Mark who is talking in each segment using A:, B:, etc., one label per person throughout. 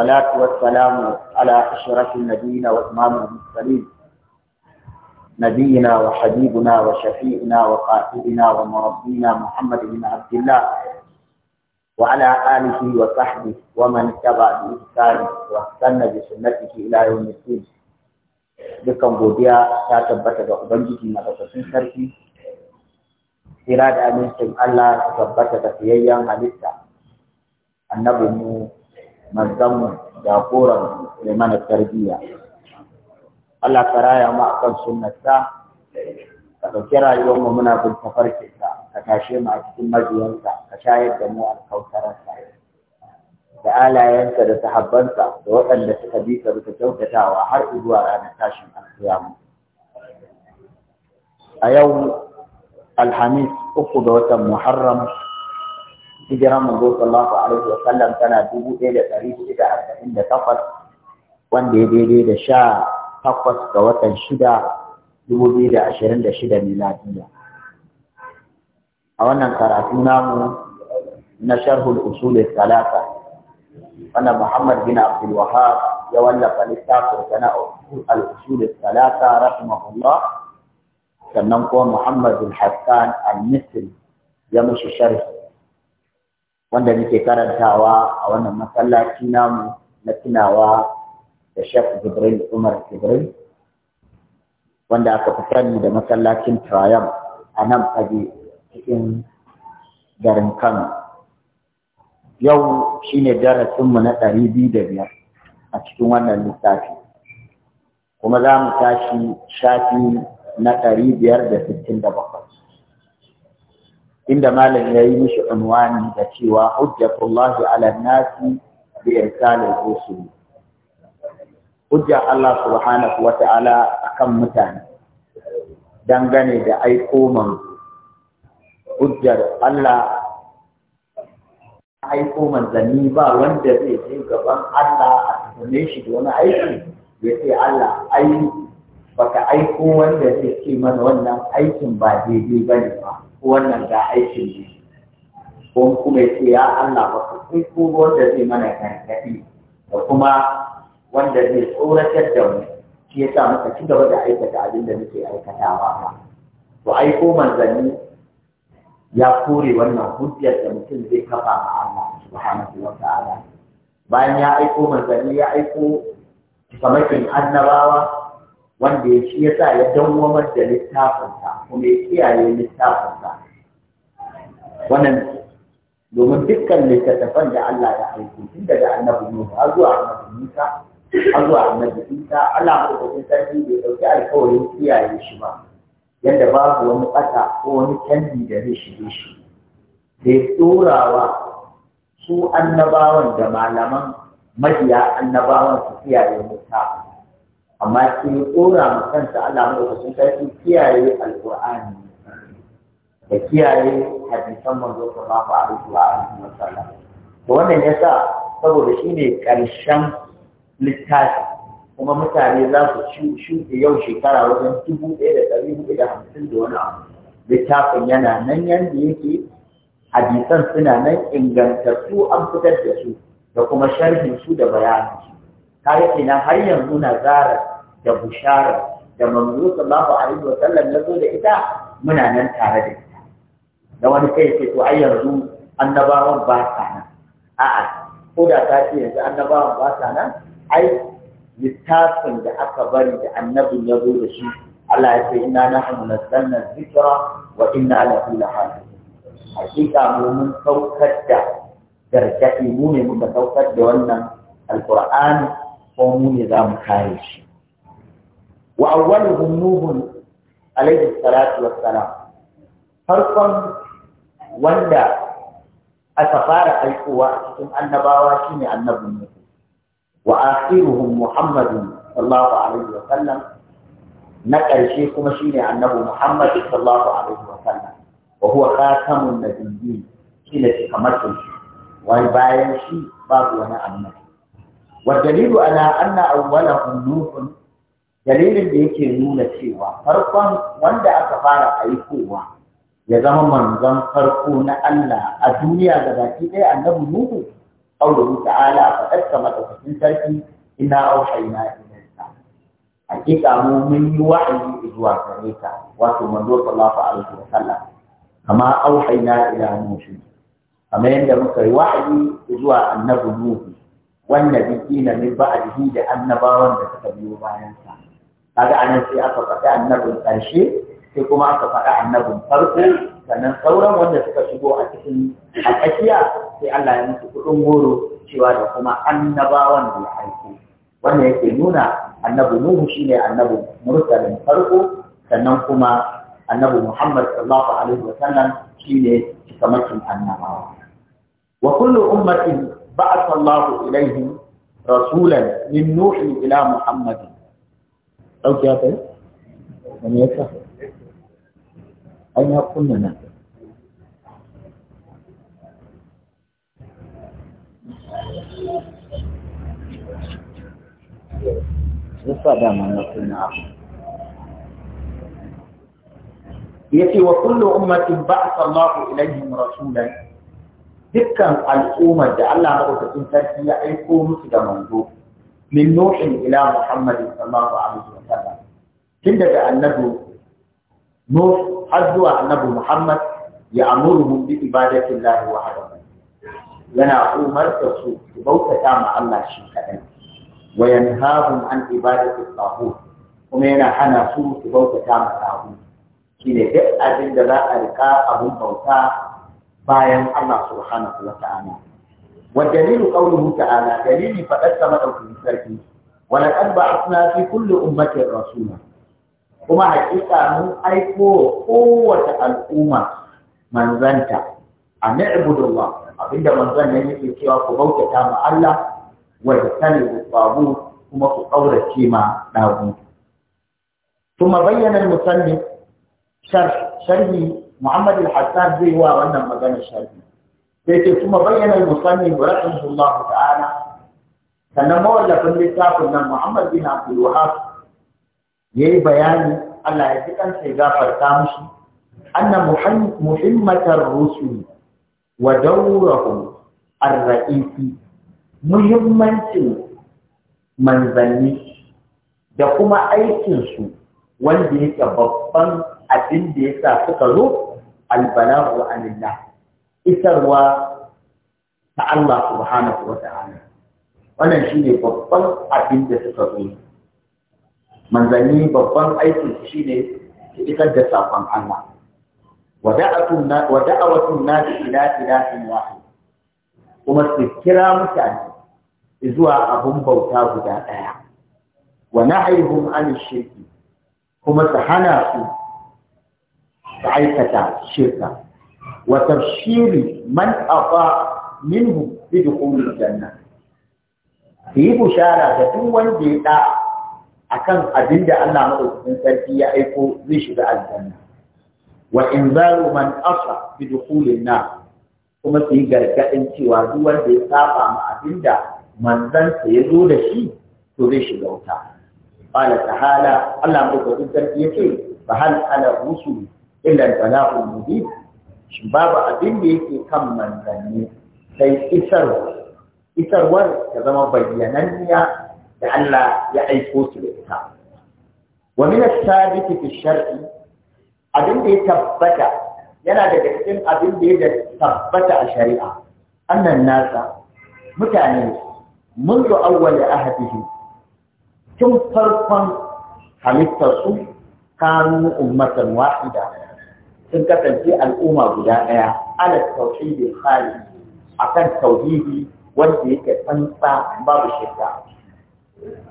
A: والصلاة والسلام على أشرف النبيين وإمام المرسلين نبينا وحبيبنا وشفيئنا وقائدنا ومربينا محمد بن عبد الله وعلى آله وصحبه ومن اتبع بإحسان واستنى بسنته إلى يوم الدين dukkan godiya ta tabbata ga Ubangiji na ƙasashen sarki, kira da amincin Allah su tabbata da fiyayyen halitta, annabinmu manzanmu jagoran mai mana tarbiyya Allah ka raya mu akan sunnata ka rayuwar mu muna bin tafarkinsa ka tashe mu a cikin majiyansa ka shayar da mu alkautararsa da alayensa da sahabbansa da waɗanda suka bi ka ka kyautatawa har zuwa ranar tashin alkiyama a yau alhamis uku ga watan muharram هجرة الله صلى الله عليه وسلم سنة دبو إلى قريب إلى أربعين تقص وان دي دي دي شا تقص كوتا شدا دبو دي دي عشرين شدا ميلادية أولا قرأتنا نشره الأصول الثلاثة أنا محمد بن عبد الوهاب يولى فلسطاق سنة الأصول الثلاثة رحمه الله كان محمد الحسان المثل يمشي شرحه wanda muke karantawa a wannan masallaci namu na tunawa da Sheikh Jibril Umar Jibril wanda aka fi sani da masallacin Trayam a nan fage cikin garin Kano. Yau shine darasinmu na ɗari biyu da biyar a cikin wannan littafi. Kuma za mu tashi shafi na ɗari biyar da sittin da bakwai. inda malam ya yi mishi unwani da cewa hujjatullahi ala nasi bi irsalil rusul hujja Allah subhanahu wa ta'ala akan mutane dangane da aiko man hujjar Allah aiko manzanni ba wanda zai je gaban Allah a tuhume shi da wani aiki ya ce Allah ai baka aiko wanda zai ce mana wannan aikin ba daidai ba ne ba wannan ga aikin ne ko kuma ce ya Allah ba ka aiko wanda zai mana gargaɗi da kuma wanda zai tsoratar da mu shi ya sa muka ci gaba da aikata abin da muke aikatawa ba to aiko manzanni ya kore wannan hujjar da mutum zai kafa ma Allah subhanahu wa ta'ala bayan ya aiko manzanni ya aiko kamakin annabawa wanda ya ya sa ya dawwamar da littafinsa kuma ya kiyaye littafinsa wannan domin dukkan littattafan da Allah ya aiki tun daga annabi Nuhu har zuwa annabi Musa har zuwa annabi Isa Allah madaukakin sarki bai dauki alƙawarin kiyaye shi ba yadda babu wani ɓata ko wani canji da zai shige shi sai tsorawa su annabawan da malaman majiya annabawan su kiyaye littafin amma shi ƙora ma kanta Allah madaukakin sarki kiyaye alqur'ani da kiyaye hadisan manzo sallallahu alaihi wa alihi wa sallam to wannan yasa saboda shine karshen littafi kuma mutane za su shuɗe yau shekara wajen dubu ɗaya da ɗari hudu da hamsin da wani abu littafin yana nan yanda yake hadisan suna nan ingantattu an fitar da su da kuma sharhin su da bayanin su yake har yanzu na zara da bushara da manzo sallallahu alaihi wa sallam ya zo da ita muna nan tare da ita da wani kai ce to ai yanzu annabawan ba sa nan a'a ko da ta ce yanzu annabawan ba sa nan ai littafin da aka bari da annabin ya zo da shi Allah ya ce inna nahnu nazzalna dhikra wa inna lahu lahafizun hakika mu mun saukar da gargaɗi mu ne muka saukar da wannan alqur'ani ko mu ne za mu kare shi wa awwaluhum nuhun alaihi salatu wassalam farkon wanda aka fara aikowa a cikin annabawa shine annabi Nuhu wa akhiruhum Muhammadun sallallahu alaihi wa sallam na ƙarshe kuma shine annabi Muhammad sallallahu alaihi wa sallam wa huwa khatamun nabiyyin shine cikamakin wani bayan shi babu wani annabi dalilu على أن أولهم نوح dalilin da yake nuna cewa farkon wanda aka fara aikowa ya zama manzon farko na Allah a duniya ga baki ɗaya annabi Nuhu Allahu ta'ala faɗar kama da cikin sarki ina auhayna ilayka hakika mu mun yi wa'ayi zuwa gare ka wato manzo sallallahu alaihi wa sallam kama auhayna ila nuhu kama yadda muka yi wa'ayi zuwa annabi Nuhu wanda bikina min ba'dihi da annabawan da suka biyo bayan sa kaga anan sai aka faɗi annabin ƙarshe sai kuma aka faɗi annabin farko sannan sauran wanda suka shigo a cikin a sai Allah ya musu kuɗin goro cewa da kuma annabawan da ya aiko wanda yake nuna annabi Nuhu shine annabi mursalin farko sannan kuma annabi Muhammad sallallahu alaihi wa sallam shine cikamakin annabawa wa kullu ummatin بعث الله إليه رسولا من نوح إلى محمد أو كيف لم يكفر أين يقول لنا ما وكل أمة بعث الله إليهم رسولا dukkan al'ummar da Allah madaukakin sarki ya aiko musu da manzo min nuhin ila muhammadin sallallahu alaihi wa sallam tun daga annabi nuh har zuwa annabi muhammad ya amuru bi ibadati llahi wahdahu yana umarta su su bautata ma Allah shi kadai wa yanhahum an ibadati taghut kuma yana hana su su bautata ma taghut shine duk abin da za a rika abun bauta bayan Allah subhanahu wa ta'ala wa dalilu qawluhu ta'ala dalili faɗarsa madaukakin sarki wa laqad ba'athna fi ummatin rasula kuma hakika mun aiko kowace al'umma manzanta a na'budullah abinda manzon nan yake cewa ku bautata ma Allah wa tanibu babu kuma ku kaurace ma dagu kuma bayyana musallin sharh sharhi Muhammad al-Hassan zai wa wannan maganar shafi sai ce kuma bayyana al-musannif rahimahullah ta'ala mawallafin littafin nan Muhammad bin Abdul Wahab yayi bayani Allah ya ji kansa ya gafarta mushi anna muhimmatar rusul wa dawrahum raisi muhimmancin manzanni da kuma aikinsu wanda yake babban abin da ya sa suka zo albala'u anillah isarwa ta Allah subhanahu wa ta'ala wannan shine babban abin da suka zo manzanni babban aiki su shine su isar da sakon Allah wada'atun na wada'awatun ila ilahin wahid kuma su kira mutane zuwa abun bauta guda daya wa na'ihum an shirki kuma su hana su da aikata shirka wa tafsiri man afa minhu bi dukhulil janna yi bushara da duk wanda ya da akan abin da Allah madaukakin sarki ya aiko zai shiga aljanna wa inzaru man asa bi dukhulin nar kuma su yi gargadin cewa duk wanda ya saba ma abin da manzansa ya zo da shi to zai shiga wuta qala ta'ala Allah madaukakin sarki yake fa hal ala rusuli illa al-bala'ul mubin shi babu abin da yake kan manzanni sai isarwar ta zama bayyananniya da Allah ya aiko su da ita wa min as-sabiti fi shar'i abin da ya tabbata yana daga cikin abin da ya tabbata a shari'a annan nasa mutane منذ أول أهدهم tun farkon halittarsu kanu ummatan wahida sun kasance al'umma guda ɗaya ala tauhidi khali akan tauhidi wanda yake tsantsa babu shirka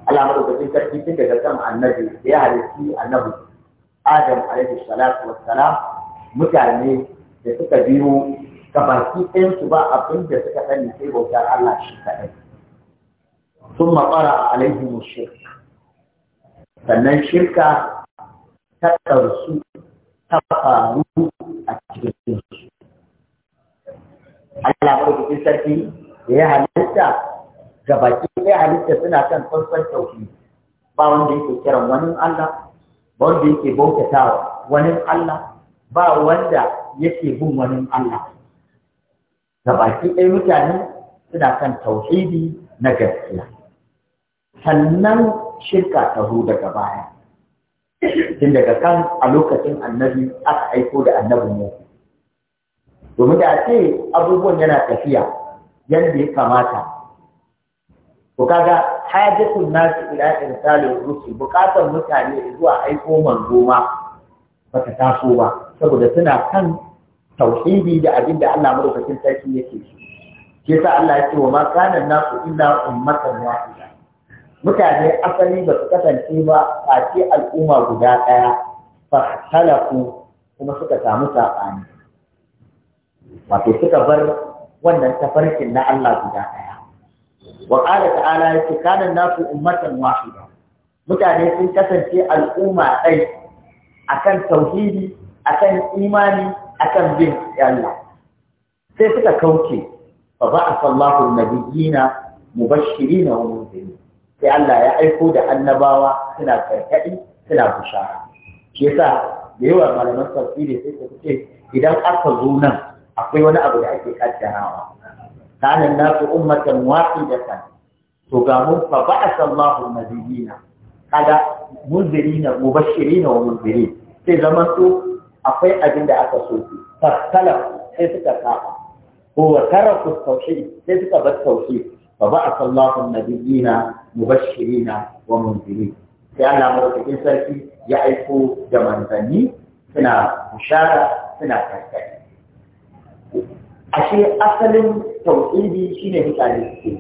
A: Allah madaukakin sarki tun daga kan annabi da ya halitti annabi Adam alaihi salatu wassalam mutane da suka biyo gabaki ɗayansu ba abin da suka sani sai bautar Allah shi kaɗai. Sun maƙara alaihi shirka. Sannan shirka ta su. ta faru a cikin su Allah madaukakin sarki da ya halitta ga baki ɗaya halitta suna kan tsantsan tauhi ba wanda yake kiran wani Allah ba wanda yake bautata wani Allah ba wanda yake bin wani Allah ga baki ɗaya mutane suna kan tauhidi na gaskiya sannan shirka ta daga baya tun daga kan a lokacin annabi aka aiko da annabin mu domin da ce abubuwan yana tafiya yadda ya kamata Ku kaga hajjatun nasu ila irsalin rusul bukatar mutane zuwa aiko manzo ma bata taso ba saboda suna kan tauhidi da abin da Allah madaukakin sarki yake shi yasa Allah ya ce wa ma kana nasu illa ummatan wahida mutane asali ba su kasance ba a ce al'umma guda ɗaya halaku kuma suka samu saɓani wato suka bar wannan tafarkin na Allah guda ɗaya wa ƙara ta'ala ce kana nasu ummatan wahida mutane sun kasance al'umma ɗai akan tauhidi kan imani akan bin Allah sai suka kauce fa ba mu sallahu nabiyina mubashirina wa munzirin sai Allah ya aiko da annabawa suna gargaɗi suna bishara shi yasa da yawa malaman tafsiri sai su ce idan aka zo nan akwai wani abu da ake kaddarawa kana nasu ummatan wahidatan to ga mun fa ba'atha Allahu nabiyina kada munzirina mubashirina wa munzirin sai zaman to akwai abin da aka so su fasala sai suka kafa ko wa taraku tawhid sai suka bar tawhid فبعث الله النبيين مبشرين ومنذرين لأن مرتكين سركي يعرفوا دمان ذني سنة بشارة سنة كالكالي ashe asalin tauhidi shine mutane suke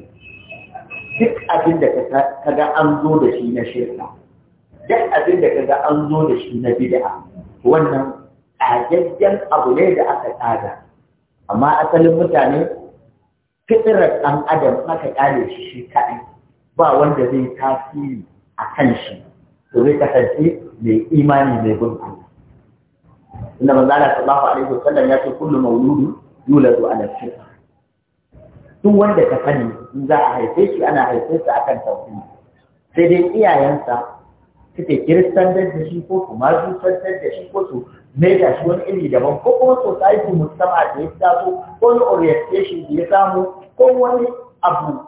A: duk abin da kaga an zo da shi na shirka duk abin da kaga an zo da shi na bid'a wannan tsagaggen abu ne da aka tsada amma asalin mutane fitirar ɗan adam aka ƙare shi shi kaɗai ba wanda zai tasiri a kan shi to zai kasance mai imani mai bin Allah inda manzo Allah sallallahu alaihi wasallam ya ce kullu mawludu yuladu ala fitra duk wanda ka sani in za a haife shi ana haife sa akan tauhidi sai dai iyayensa suke kiristantar da shi ko kuma zutantar da shi ko su mai shi wani iri daban ko kuma society musamman da ya taso ko wani orientation da ya samu ko wani abu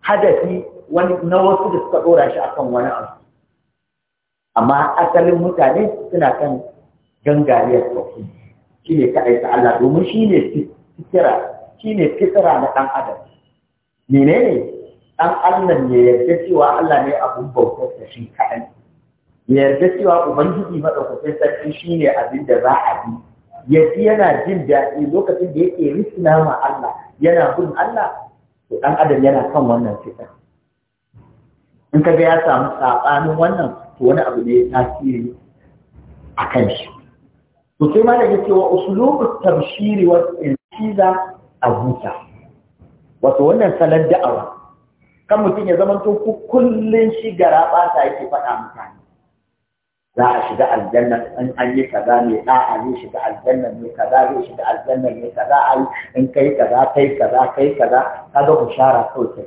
A: hadafi na wasu da suka ɗora shi akan wani abu amma asalin mutane suna kan gangariyar tsofi shi ne kaɗai aika Allah domin shi ne fitira shi ne fitira na ɗan adam menene ɗan Allah ne yarda cewa Allah ne abun bautar da shi kaɗai ya yarda cewa ubangiji maɗaukakin sarki shi ne abin da za a bi ya ji yana jin daɗi lokacin da yake risina ma Allah yana bin Allah to ɗan adam yana kan wannan fitan in ka ga ya samu saɓanin wannan to wani abu ne ya tasiri a kan shi to sai malam ya ce wa uslubu tabshiri wa intiza huta. wato wannan salon da'awa kan mutum ya zama to kullun shi gara ba ta yake faɗa mutane za a shiga aljanna in an yi kaza mai da'a ne shiga aljanna mai kaza zai shiga aljanna mai kaza ai in kai kaza kai kaza kai kaza kaga bushara shara kai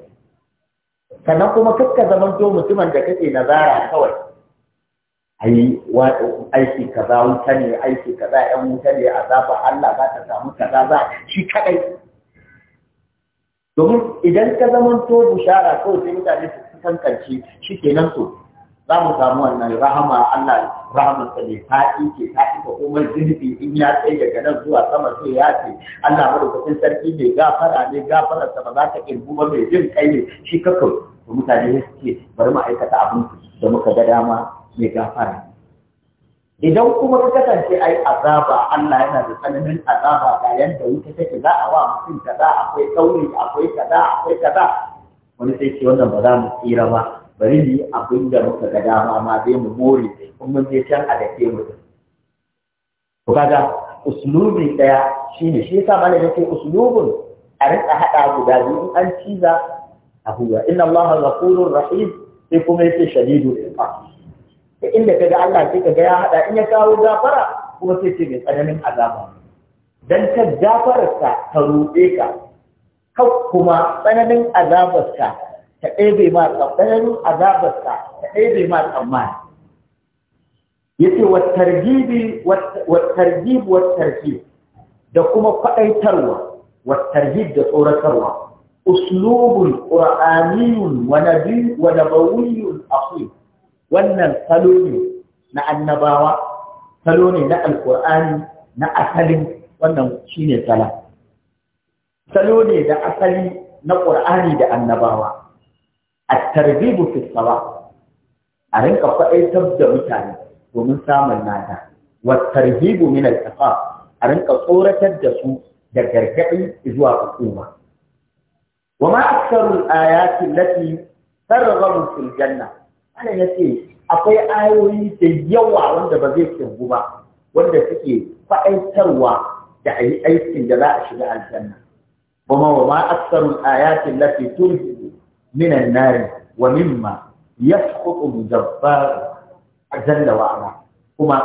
A: sannan kuma kakka zaman to mutumin da kake nazara kawai ai aiki kaza wuta ne aiki kaza yan wuta ne azaba Allah za ta samu kaza za shi kadai domin idan ka zaman to bushara kawai sai mutane su kankance shi kenan to za mu samu wannan rahama Allah rahamar sa ne ta ike ta ike komai zunubi in ya tsaye ga nan zuwa sama sai ya ce Allah da sarki ne gafara ne gafarar sa ba za ta kirgu ba mai jin kai ne shi kakau mutane suke bari mu aikata abin da muka ga dama mai gafara idan kuma ka kasance ai azaba Allah yana da tsananin azaba ga yanda wuta take za a wa mutum kaza akwai tsauri akwai kaza akwai kaza wani sai ce wannan ba za mu tsira ba bari mu yi abin da muka ga dama ma zai mu more kun mun je can a dake mu to kaga uslubi daya shine shi yasa malai yake uslubun a rika hada guda biyu an ciza a huwa inna allaha ghafurur rahim sai kuma yace shadidu iqab da inda kaga Allah sai kaga ya hada in ya kawo gafara kuma sai ce mai tsananin azaba dan ta gafararsa ta ruɗe ka kau kuma tsananin azabarsa ta ɗebe ma tsaɗayen azabarsa ta ɗebe ma tsammani yace wa targibi wa targib wa da kuma faɗaitarwa wattargib da tsoratarwa uslubun qur'aniyun wa nabi wa nabawiyyun akhir wannan salo ne na annabawa salo ne na alqur'ani na asalin wannan shine sala salo ne da asali na ƙurani da annabawa at-tarbibu fi sawa a rinka faɗaitar da mutane domin samun nada wa tarhibu min al a rinka tsoratar da su da gargaɗi zuwa hukuma wa ma aktharu al-ayati allati targhabu fil janna ana yace akwai ayoyi da yawa wanda ba zai kirgu ba wanda suke faɗaitarwa da ayi aikin da za a shiga aljanna kuma wa ma aktharu al-ayati allati tulhi من النار ومما يسقط الجبار جل وعلا كما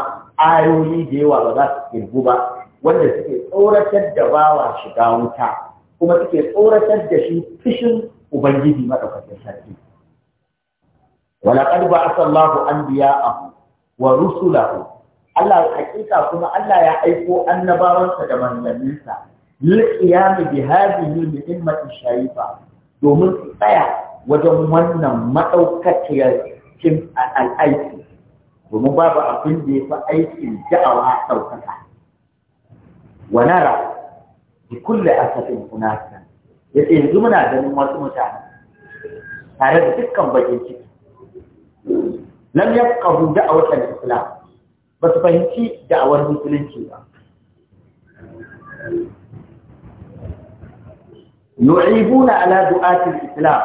A: ayoyi da yawa ba za su kirgu ba wanda suke tsoratar da bawa shiga wuta kuma suke tsoratar da shi fishin ubangiji madaukakin sarki walaqad ba'atha Allahu anbiya'ahu wa rusulahu Allah hakika kuma Allah ya aiko annabawansa da manzanninsa lil qiyam bi hadhihi al-ummati sharifa domin su tsaya wajen wannan maɗaukaciyar cin al'aiki domin babu abin da ya fi aikin da'awa ɗaukaka. Wanara, bi kulle a kuna kunasa, ya ce yanzu muna ganin wasu mutane tare da dukkan bakin ciki. Nan ya ƙahu da'awar Islam, ba su fahimci da'awar Musulunci ba. yu'ibuna ala du'atil islam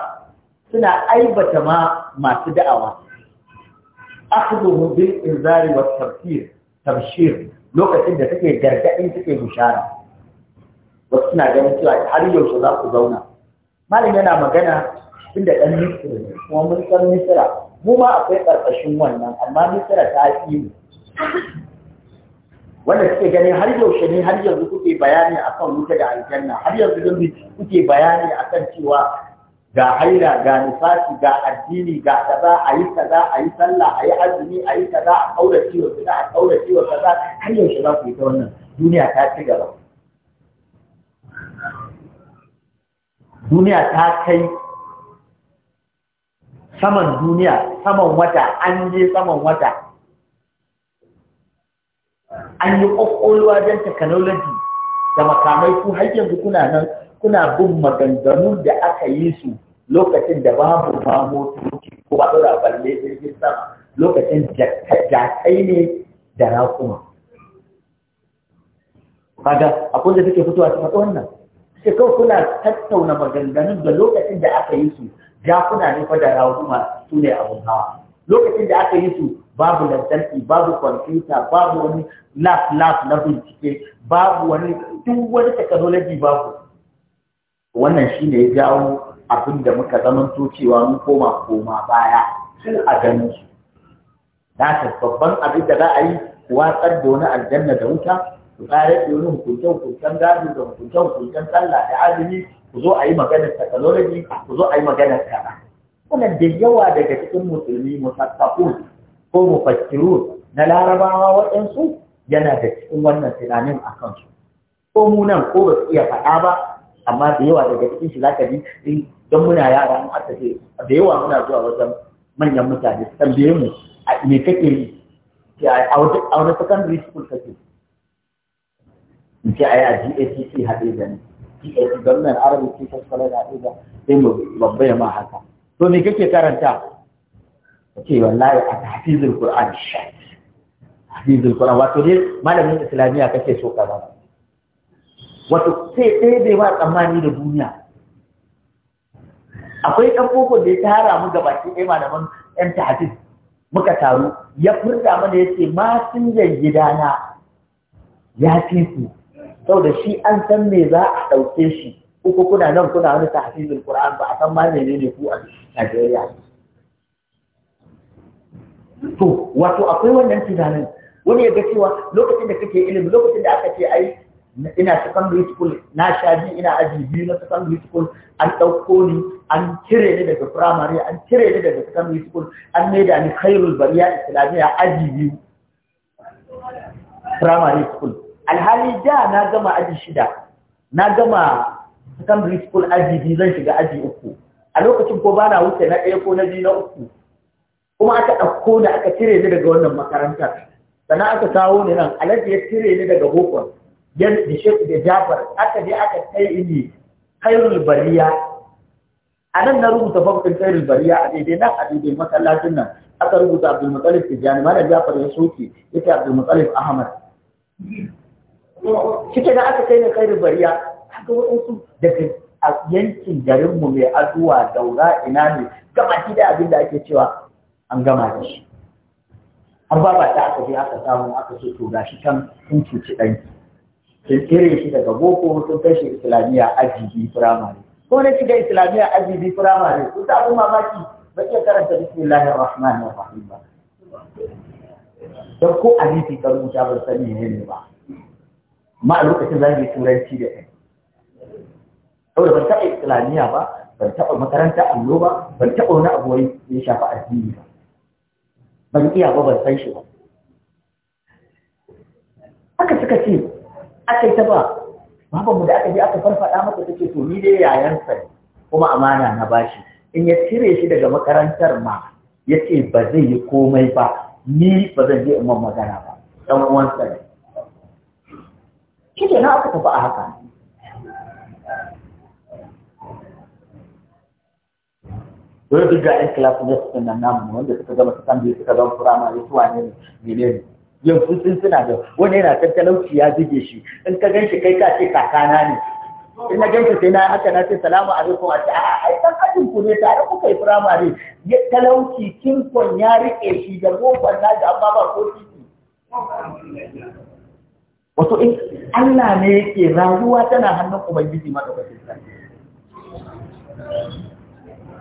A: suna aibata ma masu da'awa akhdhuhu bil inzari wat tafsir tabshir lokacin da take gargadin take bishara wasu suna ganin cewa har yaushe za ku zauna malam yana magana inda ɗan misira kuma mun san misira mu ma akwai ƙarƙashin wannan amma misira ta fi mu wanda suke ganin har yaushe ne har yanzu kuke bayani akan wuta da aljanna har yanzu don kuke bayani akan cewa ga haila ga nifasi ga addini ga kaza a yi kaza a yi sallah a yi azumi a yi kaza a kaura ciwo kaza a kaura ciwo kaza har yaushe za ku yi ta wannan duniya ta ci gaba duniya ta kai saman duniya saman wata an je saman wata an yi ƙwaƙwalwa don technology da makamai ku har yanzu kuna nan kuna bin maganganun da aka yi su lokacin da babu ma motoci ko ba ɗora balle jirgin sama lokacin jakai ne da kuma. Kaga akwai da suke fitowa ta faɗi wannan. Sai kawai kuna tattauna maganganun da lokacin da aka yi su jakuna kuna nufa da raƙuma su ne abin hawa. lokacin da aka yi su babu lantarki babu kwamfuta babu wani lab lab na bincike babu wani duk wani technology babu wannan shi ne ya jawo abin da muka zamanto cewa mun koma koma baya su a ganin su ta babban abin da za a yi watsar da wani aljanna da wuta ku tsare da wani hukuncen hukuncen gado da hukuncen hukuncen sallah da azumi ku zo a yi maganar technology ku zo a yi maganar kaza Kuna da yawa daga cikin musulmi musaffafun ko mufassiru na larabawa waɗansu yana da cikin wannan tunanin a kansu. Ko mu nan ko ba su iya faɗa ba, amma da yawa daga cikin shi zaka ji don muna yara mu aka ce da yawa muna zuwa wajen manyan mutane su tambaye mu me kake yi a wani secondary school kake in ce yi a GATC haɗe da ni gwamnan arabic ce college haɗe da sai mu babba ya ma haka to me kake karanta ce wallahi a hafizul qur'an shat hafizul qur'an wato ne malamin islamiya kake so ka zama wato sai ɗaya bai ba tsammani da duniya akwai ɗan boko da ya tara mu gaba ki ɗaya malaman ɗan tahfiz muka taru ya furta mana yace ma sun gidana ya fi Sau saboda shi an san me za a ɗauke shi uku kuna nan kuna wani tahfizul qur'an ba a san ma menene ku a shi Najeriya. To, wato akwai wannan tunanin wani ya ga cewa lokacin da kake ilimi lokacin da aka ce ai ina secondary school na sha biyu ina aji biyu na secondary school an ɗauko ni an cire ni daga primary an cire ni daga secondary school an maida ni khairul bariya islamiyya aji biyu primary school alhali da na gama aji shida na gama secondary school aji biyu zan shiga aji uku a lokacin ko bana wuce na ɗaya ko na biyu na uku kuma aka ɗauko da aka cire ni daga wannan makarantar sannan aka kawo ni nan alhaji ya cire ni daga bokon da shek da jafar aka je aka kai ni kairul bariya a nan na rubuta babban kairul bariya a daidai nan a daidai masallacin nan aka rubuta abdul mutsalif jani mana jafar ya soke ce abdul mutsalif ahmad kike da aka kai ni kairul bariya aka da daga a yankin garinmu mai aduwa daura ina ne gama shi da abin da ake cewa an gama da shi an ba ba ta aka je aka samu aka ce to shi kan sun cuci ɗanki sun tsere shi daga boko sun kai shi islamiyya ajibi firamare ko na shiga islamiyya ajibi firamare sun samu mamaki ba iya karanta bismillahir rahmanir rahim ba don ko a ka rubuta ba sani ne ba ma a lokacin yi turanci da ɗan saboda ban taɓa islamiyya ba ban taɓa makaranta allo ba ban taɓa wani abu wai ya shafi addini ba ban iya ba ban san shi ba aka suka ce aka yi ta ba babanmu da aka je aka farfaɗa masa ta ce to ni dai yayansa ne kuma amana na bashi in ya cire shi daga makarantar ma ya ce ba zai yi komai ba ni ba zan je in magana ba ɗan uwansa ne shi ke na aka tafi a haka dole duk ga yan kilasu ne suka nan namu wanda suka gama su kan biyu suka zama firamare su wane ne ne yanzu suna da wani yana kan talauci ya zige shi in ka gan shi kai ka ce kakana ne in na shi sai na aka na ce salamu alaikum a ce a ai dan ajin ku ne tare kuka yi firamare ya talauci kinkon ya rike shi da gofar na da amma ba ko titi wato in Allah ne yake rayuwa tana hannun ubangiji madaukakin sarki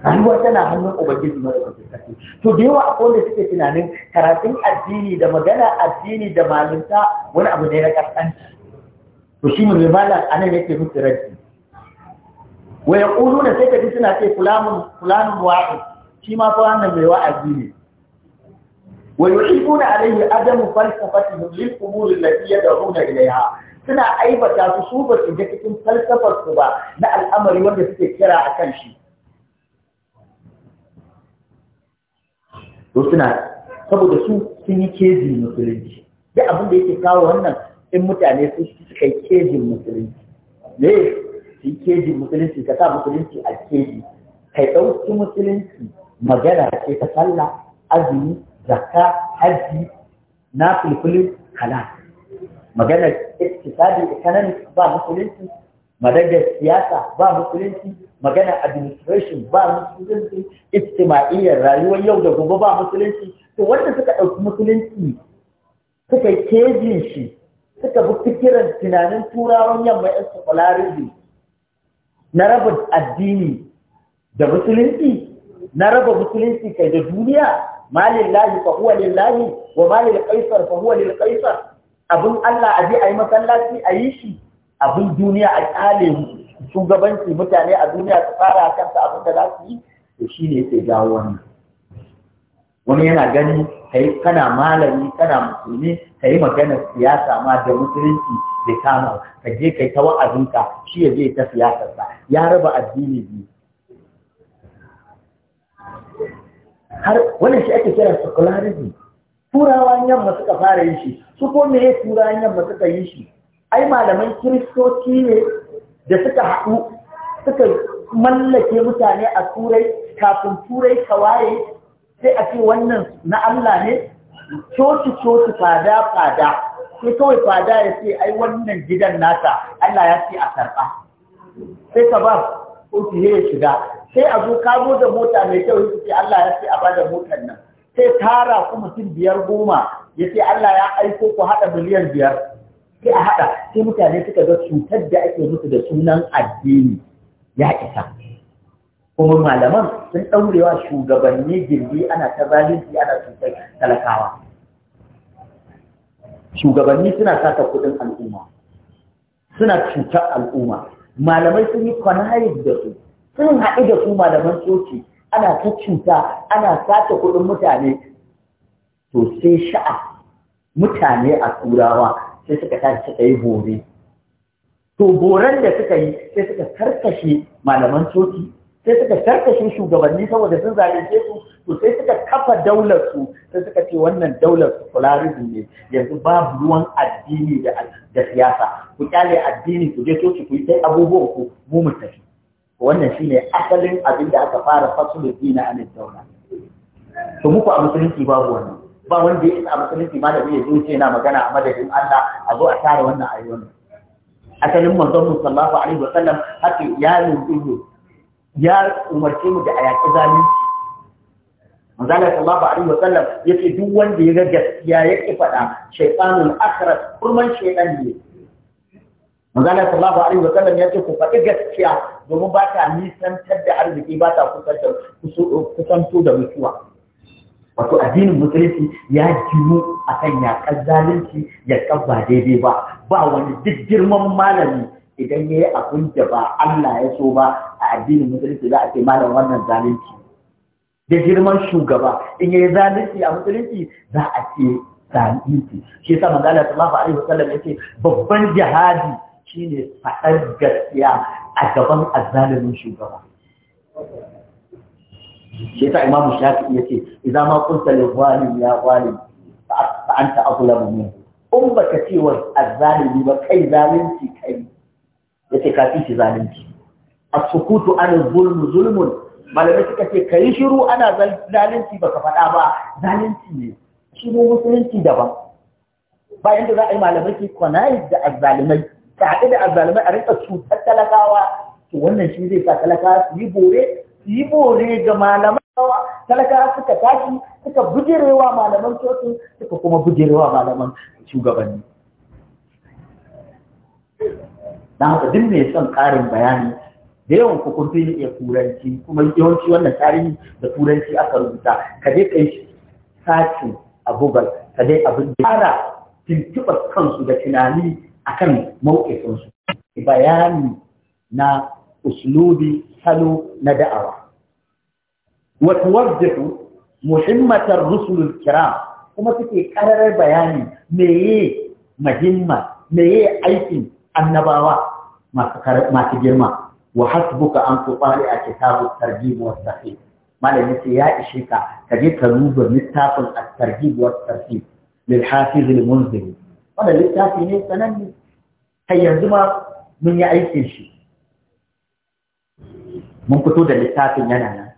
A: rayuwa tana hannun ubangiji madaukakin sarki to da yawa akwai wanda suke tunanin karatun addini da magana addini da malinta wani abu ne na kaskanci to shi mai malam anan yake musu raji wa na sai ka ji suna ce fulanun fulanun wa'id shi ma fa wannan mai wa'azi ne wa yuhibuna alayhi adamu falsafatihim lil qubur allati yad'una ilayha suna aibata su su ba su ga cikin falsafar su ba na al'amari wanda suke kira akan shi to saboda su sun yi kejin musulunci da abin da yake kawo wannan in mutane su suka yi kejin musulunci ne su yi kejin musulunci ka sa musulunci a keji kai ɗauki musulunci magana ce ta sallah azumi zakka hajji na fulfulin kala magana iktisadi economics ba musulunci madagar siyasa ba musulunci magana administration ba musulunci istima'iyyar rayuwar yau da gobe ba musulunci to wanda suka ɗauki musulunci suka kejin shi suka bi fikiran tunanin turawan yamma yan secularism na raba addini da musulunci na raba musulunci kai da duniya malin lahi fa huwa lillahi wa malin Kaisar qaisar fa huwa lil qaisar abin Allah a je a yi masallaci a yi shi abin duniya a kyale mu shugabanci mutane a duniya su fara kansa abin da za su yi to shi ne sai jawo wani. wani yana gani kai kana malami kana musulmi ka yi maganar siyasa ma da musulunci da kama ka je kai ta wa'azinka shi ya je ta siyasarsa ya raba addini biyu har wannan shi ake kira secularism turawan yamma suka fara yin shi su ko me turawan yamma suka yi shi ai malaman kiristoci ne da suka haɗu suka mallake mutane a turai kafin turai kawaye sai a ce wannan na Allah ne coci coci fada fada sai kawai fada ya ce ai wannan gidan nata Allah ya ce a karɓa sai ka ba otu ya shiga sai a zo kago da mota mai kyau ya ce Allah ya ce a ba da motar nan sai tara kuma mutum biyar goma ya ce Allah ya aiko ku haɗa miliyan biyar sai a haɗa sai mutane suka ga cutar da ake musu da sunan addini ya isa kuma malaman sun ɗaurewa shugabanni gindi ana ta zalunci ana cutar talakawa shugabanni suna sata kuɗin al'umma suna cutar al'umma malamai sun yi kwanayi da su sun haɗu da su malaman coci ana ta cuta ana sata kuɗin mutane to sai sha'a mutane a turawa sai suka tashi suka yi bore to boren da suka yi sai suka karkashe malaman coci sai suka karkashe shugabanni saboda sun zalunce su to sai suka kafa daular su sai suka ce wannan daular secularism ne yanzu babu ruwan addini da siyasa ku kyale addini ku je coci ku yi sai abubuwan ku mu mu tafi wannan shine asalin abin da aka fara fasulun dina nan daular. to muku a musulunci babu wannan ba wanda ya isa a musulunci ma da zai zo ce na magana a madadin Allah a zo a tara wannan ayi wannan asalin manzon sallallahu alaihi wa sallam haka ya yi ya umarce mu da a yaƙi zalunci manzala sallallahu alaihi wa sallam yace duk wanda ya ga gaskiya ya ki faɗa shaytanul akhras kurman shaytan ne manzala sallallahu alaihi wa sallam yace ku faɗi gaskiya domin ba ta nisantar da arziki ba ta kusantar kusanto da mutuwa wato addinin musulunci ya jinu a kan yaƙar zalunci ya ba daidai ba ba wani duk girman malami idan ya yi abin da ba Allah ya so ba a addinin musulunci za a ce malam wannan zalunci da girman shugaba in ya yi zalunci a musulunci za a ce zalunci shi yasa manzo Allah sallallahu alaihi wasallam ce babban jihadi shine faɗar gaskiya a gaban azzalumin shugaba shi yasa imamu shafi'i yace idan ma qulta lil zalim ya zalim fa anta aghlabu min in baka ce wa azzalimi ba kai zalunci kai yace ka fi shi zalunci as-sukutu an zulm zulm malamai suka ce kai shiru ana zalunci baka faɗa ba zalunci ne shiru musulunci daban bayan da za a yi malamai ke kwanayi da azzalimai ka haɗu da azzalimai a rinka cutar talakawa to wannan shi zai sa talakawa su yi bore yi bore ga malaman talaka suka tashi suka bujirewa malaman cocin suka kuma bujirewa malaman shugabanni Na haka duk mai son ƙarin bayani da yawan hukunta ne iya turanci kuma yawanci wannan tarihi da turanci aka rubuta ka dai kai sacin a google ka dai abin da fara kansu da tunani akan mawuƙefinsu bayani na uslubi salo na da'awa wa tuwaddihu muhimmatar rusulul kiram kuma suke kararar bayani meye mahimma meye aikin annabawa masu girma wa hasbuka an kubari a kitabut tarjim wa sahih malami ce ya ishe ka ka ruba littafin at-tarjib wa at-tarhib lil hafiz al-munziri littafi ne sananne kai yanzu ma mun yi aikin shi mun fito da littafin yana nan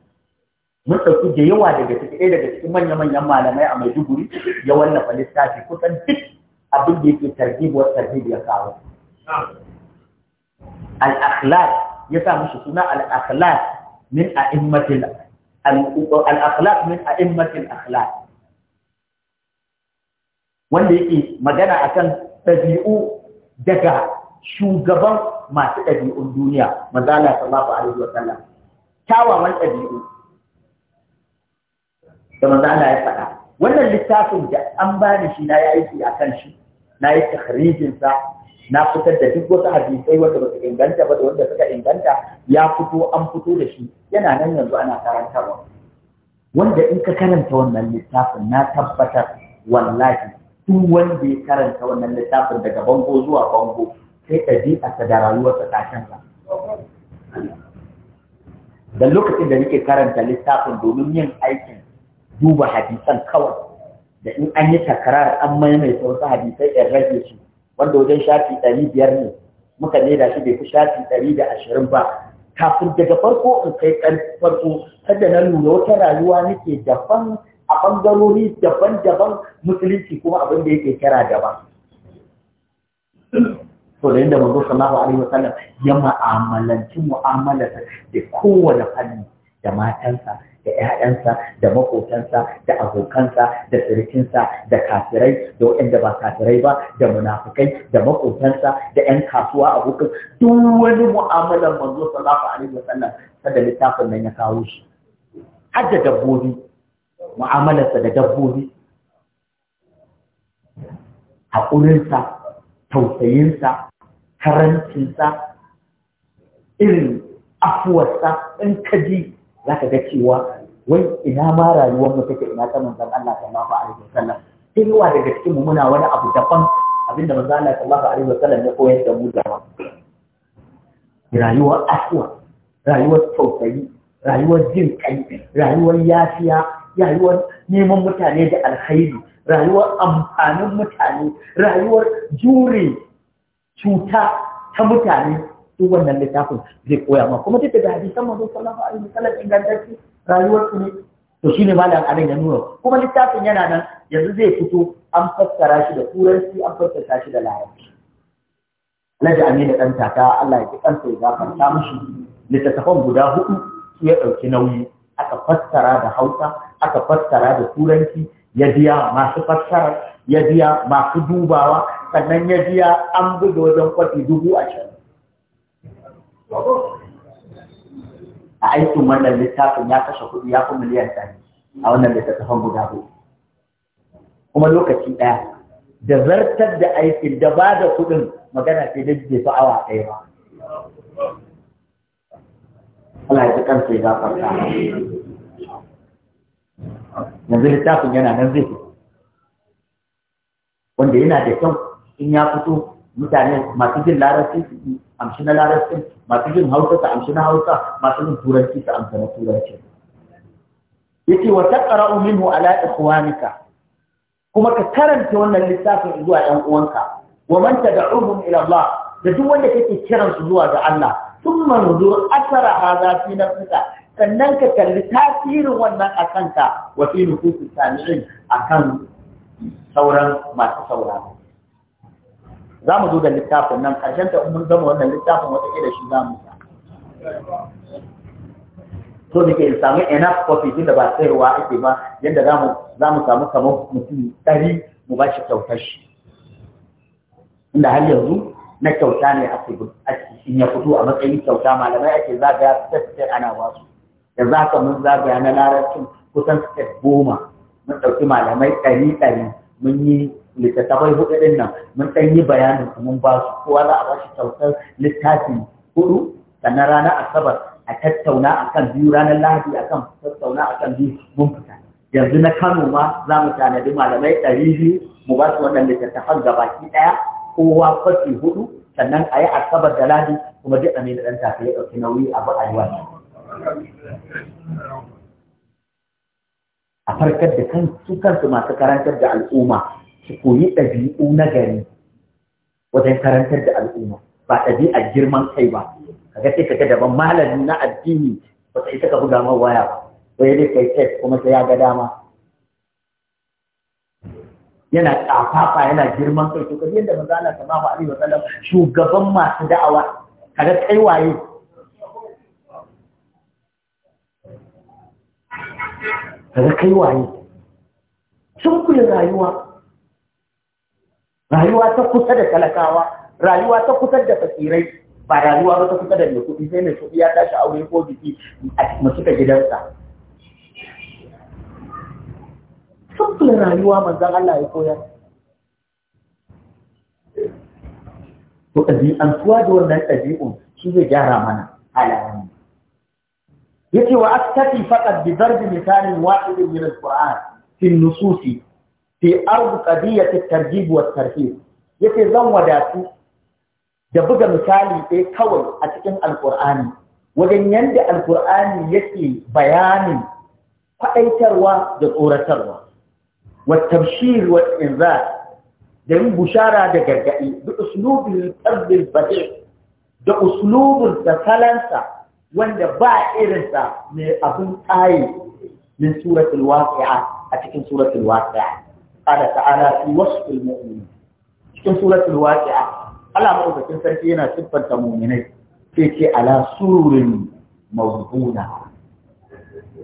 A: mun ɗauki da yawa daga ciki ɗaya daga cikin manya-manyan malamai a Maiduguri ya wallafa littafi kusan duk abin da yake tarbibu wasu tarbibu ya kawo. Al-akhlaq ya sa mushi suna al-akhlaq min a'immatil al-akhlaq min a'immatil akhlaq wanda yake magana akan ɗabi'u daga shugaban masu ɗabi'un duniya manzala sallallahu alaihi wa sallam kyawawan ɗabi'u da manzala ya faɗa wannan littafin da an bani shi na yi aiki a kan shi na yi tahrijin na fitar da duk wasu hadisai wanda basu inganta ba da wanda suka inganta ya fito an fito da shi yana nan yanzu ana karantarwa wanda in ka karanta wannan littafin na tabbatar wallahi duk wanda ya karanta wannan littafin daga bango zuwa bango sai a da rayuwarsa ta ba da lokacin da nake karanta littafin domin yin aikin duba hadisan kawai da in an yi takarar an maimaita wasu hadisai ɗan rage su wanda wajen shafi ɗari biyar ne muka ne da shi bai fi shafi ɗari da ashirin ba kafin daga farko in kai ɗan farko kada na lura wata rayuwa nake daban a ɓangarori daban-daban musulunci kuma abin da yake kira daban to da yadda manzo sallahu alaihi wasallam ya ma'amalanci mu'amalarsa da kowane fanni da matansa da ƴaƴansa da makotansa da abokansa da sirikinsa da kafirai da waɗanda ba kafirai ba da munafukai da makotansa da ƴan kasuwa abokan duk wani mu'amalar manzo sallahu alaihi wasallam sada littafin nan ya kawo shi har da dabbobi mu'amalarsa da dabbobi haƙurinsa tausayinsa karancinsa irin afuwarsa in ka ji za ka ga cewa wai ina ma rayuwar mu take ina ta manzon Allah sallallahu alaihi wasallam sai yawa daga cikin mu muna wani abu daban abinda manzon Allah sallallahu alaihi wasallam ya koyar da mu da rayuwar afuwa rayuwar tausayi rayuwar jin kai rayuwar yafiya rayuwar neman mutane da alkhairi rayuwar amfanin mutane rayuwar jure cuta ta mutane su wannan littafin zai koya ma kuma duk da hadisan manzo sallallahu alaihi wasallam ingantacce rayuwar su ne to shine malam anan ya nuna kuma littafin yana nan yanzu zai fito an fassara shi da turanci an fassara shi da larabci ji Aminu ɗan taka Allah ya ji kansa ya samu shi. littattafan guda hudu su ya ɗauki nauyi aka fassara da Hausa aka fassara da Turanci ya biya masu fassara ya biya masu dubawa sannan ya biya an buga wajen kwafi dubu ashirin a aikin wannan littafin ya kashe kuɗi ya fi miliyan tani a wannan littattafan guda hudu kuma lokaci ɗaya da zartar da aikin da ba da kuɗin magana sai da jefa fi awa ɗaya ba Allah ya ji kansa ya gafarta yanzu littafin yana nan zai fi wanda yana da kyau in ya fito mutane masu jin larabci su amshi na larabci masu jin hausa su amshi na hausa masu jin turanci su amsa na turanci yace wa taqra'u minhu ala ikhwanika kuma ka karanta wannan littafin zuwa ɗan uwanka wa man tad'uhum ila Allah da duk wanda kake kiran su zuwa ga Allah thumma nuzur athara hadha fi nafsika sannan ka kalli tasirin wannan akan ka wa fi nufusi sami'in akan sauran masu sauraro za mu zo da littafin nan ƙarshen ta mun zama wannan littafin wata shi za mu sa so muke in samu enough coffee da ba tsayarwa ake ba yadda za mu samu kamar mutum ɗari mu ba shi kyautar shi inda har yanzu na kyauta ne ake in ya fito a matsayin kyauta malamai ake zagaya state ana wasu da za ka mun zagaya na larabcin kusan state goma mun ɗauki malamai ɗari ɗari mun yi littattafai hudu ɗin nan mun ɗan yi bayanin mun ba su kowa za a ba shi kyautar littafin hudu sannan ranar asabar a tattauna akan biyu ranar lahadi akan tattauna akan biyu mun fita yanzu na kano ma za mu tanadi malamai ɗari biyu mu ba su wannan littattafan gabaki ɗaya kowa kwafi hudu sannan a yi asabar da lahadi kuma duk a da ɗan tafi ya ɗauki nauyi ba a yi wani. a farkar da kan su kansu masu karantar da al'umma ki koyi ɗabi'u na gari wajen karantar da al'umma ba ɗabi'ar girman kai ba Ka kaga sai ga daban malami na addini ba sai ka buga mai waya ba sai dai kai test kuma sai ya ga dama yana tsafafa yana girman kai to kaji yadda manzo Allah sallallahu alaihi wasallam shugaban masu da'awa ga kai waye kaga kai waye sun kula rayuwa rayuwa ta kusa da talakawa rayuwa ta kusa da fakirai ba rayuwa ba ta kusa da mai kuɗi sai mai kuɗi ya tashi aure ko biki a masuka gidansa simple rayuwa manzan Allah ya koyar to ɗabi'antuwa da wannan ɗabi'un shi zai gyara mana halayen yake wa aka tafi faqat bi darbi misalin wahidin yin al-Qur'an fi nususi fi arzu qadiyati tarjib wa tarhib yace zan wadatu da buga misali ɗaya kawai a cikin alqur'ani wajen yanda alqur'ani yake bayanin fa'aitarwa da tsoratarwa wa tabshir wa inza da yin bushara da gargaɗi da uslubin ƙarfin bade da uslubin da wanda ba irinsa mai abin ƙaye min suratul waqi'a a cikin suratul waqi'a قال تعالى في وصف المؤمنين cikin suratul waqi'a Allah madaukakin sarki yana siffanta mu'minai sai ce ala sururin mawduna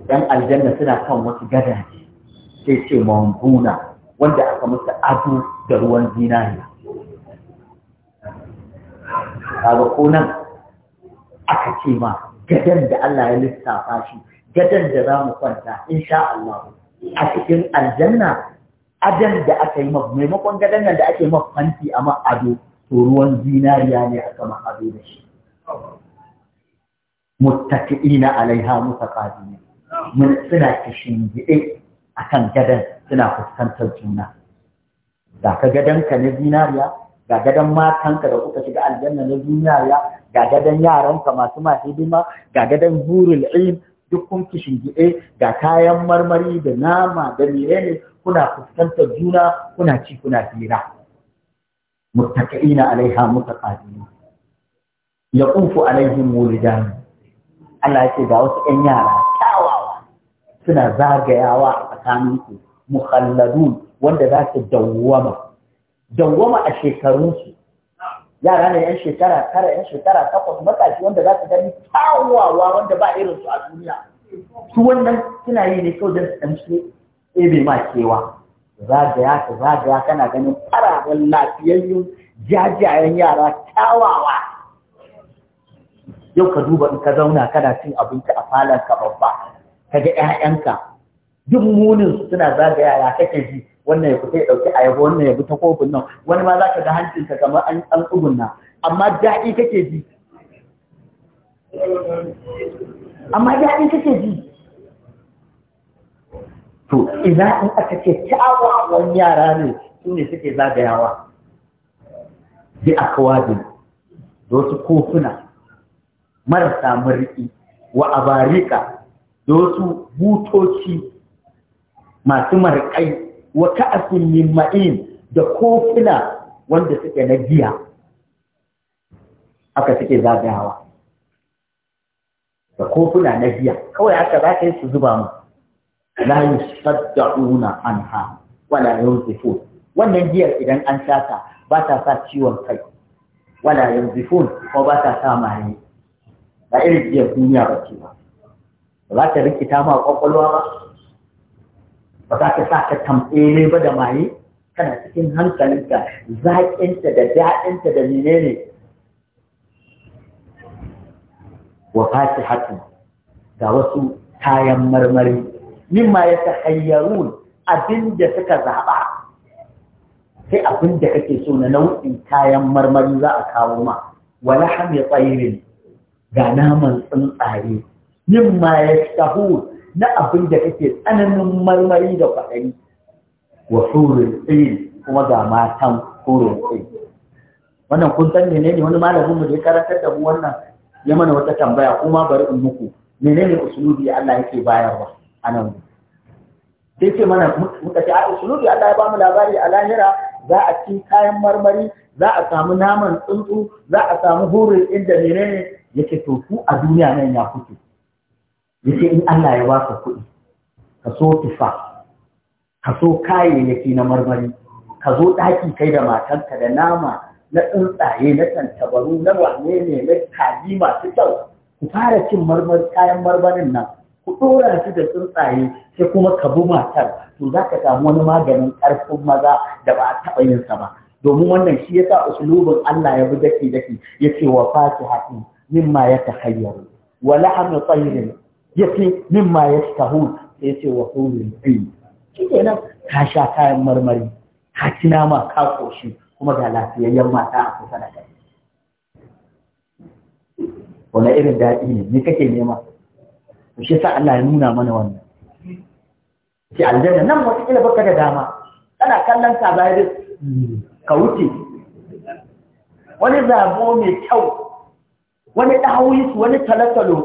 A: dan aljanna suna kan wasu gadaje sai ce mawduna wanda aka musu ado da ruwan zinariya kaga ko nan aka ce ma gadan da Allah ya lissafa shi gadan da za mu kwanta insha Allah a cikin aljanna adan da aka yi mafi maimakon gadon nan da ake mafi fanti a ma'ado to ruwan zinariya ne aka ma'ado da shi muttaki'ina alaiha mutaqabilin mun suna kishin gide akan gadon suna fuskantar juna ga ka gadon ka na zinariya ga gadon matanka da kuka shiga aljanna na zinariya ga gadon yaranka masu masu hidima ga gadon burul ilm duk kishin gide ga kayan marmari da nama da menene kuna fuskantar juna kuna ci kuna fira muttaqina alaiha mutaqabilin yaqufu alaihim wulidan Allah yake ga wasu ƴan yara tawawa suna zagayawa a tsakanin ku mukhalladun wanda za su dawwama dawwama a shekarunsu yara ne yan shekara tara yan shekara takwas matashi wanda za su gani tawawa wanda ba irinsu a duniya su wannan suna yi ne kawai don su ɗan ɗebe ma kewa zagaya ka zagaya kana ganin fararen lafiyayyun jajayen yara kyawawa yau ka duba in ka zauna kana cin abinci a falon ka babba ka ga 'ya'yanka duk munin su suna zagaya ya kake ji wannan ya fita ya ɗauki ayaba wannan ya bi ta kofin nan wani ma za ka ga hancinka kamar an an tsugunna amma daɗi kake ji amma kake ji to ina in aka ce kyawawan yara ne su ne suke zagayawa bi akwadin da wasu kofuna marasa mariki wa abarika da wasu butoci masu marƙai wa ka'asin min da kofuna wanda suke na giya aka suke zagayawa da kofuna na giya kawai aka za ka yi su zuba mu la yusaddauna anha wala yunzifun wannan giyar idan an saka ba ta sa ciwon kai wala yunzifun ko ba ta sa maye ba irin giyar duniya ba ce ba ba za ta rikita ma kwakwalwa ba ba za ta sa ka tamtsele ba da maye kana cikin hankalinka zaƙinta da daɗinta da menene wa fatihatu ga wasu kayan marmari mimma ya tahayyarun abin da suka zaɓa sai abin da kake so na nau'in kayan marmari za a kawo ma wala hami tsairin ga naman tsuntsaye mimma ya ta na abin da kake tsananin marmari da kwaɗari wa hurin tsayin kuma ga matan hurin tsayin wannan kun san ne wani malamin mu da ya karantar da mu wannan ya mana wata tambaya kuma bari in muku menene usulubi Allah yake bayarwa a nan sai ce mana muka ce Allah ya bamu labari a lahira za a ci kayan marmari za a samu naman tsuntsu za a samu hurin inda menene yake to ku a duniya nan ya kuke yake in Allah ya baka kuɗi ka so tufa ka so kayayyaki na marmari ka zo ɗaki kai da matanka da nama na tsuntsaye na tantabaru na wane ne na kaji masu kyau ku fara cin kayan marmarin nan ku ɗora shi da tsuntsaye sai kuma ka bi matar to za ka samu wani maganin ƙarfin maza da ba a taɓa yin sa ba domin wannan shi yasa usulubin Allah ya bi dake dake ya ce wa fatihatin mimma ya takhayyaru wa lahmu tayrin yace mimma yashtahun sai ya ce wa hulul ayn nan, ka sha kayan marmari ka ci nama ka koshi kuma ga lafiyayyen mata a kusa da kai wani irin daɗi ne ni kake nema shi sa Allah ya nuna mana wannan Ki aljanna nan wata kila baka da dama kana kallon ka bayan ka wuce wani zabo mai kyau wani ɗahawis wani talatalo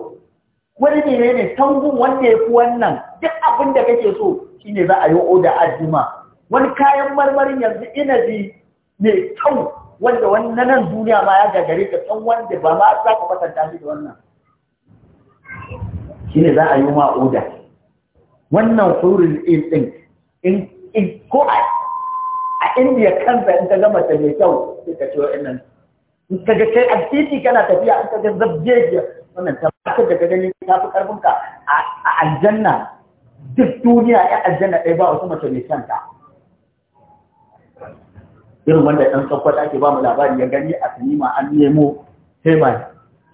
A: wani ne ne tangun wanda ya fi wannan duk abin da kake so shine za a yi oda azuma wani kayan marmarin yanzu ina inabi mai kyau wanda na nan duniya ma ya gagare ka san wanda ba ma za ka kwatanta shi da wannan shine za a yi ma oda wannan hurul in din in in ko a a indiya kanta in ka gama ta mai kyau sai ka in nan in ka ga kai a titi kana tafiya in ka ga zabjejiya wannan ta da daga gani ta fi karfin ka a aljanna duk duniya ya aljanna ɗaya ba wasu mace mai kyanta irin wanda ɗan sakwata ake ba mu labari ya gani a sinima an nemo shema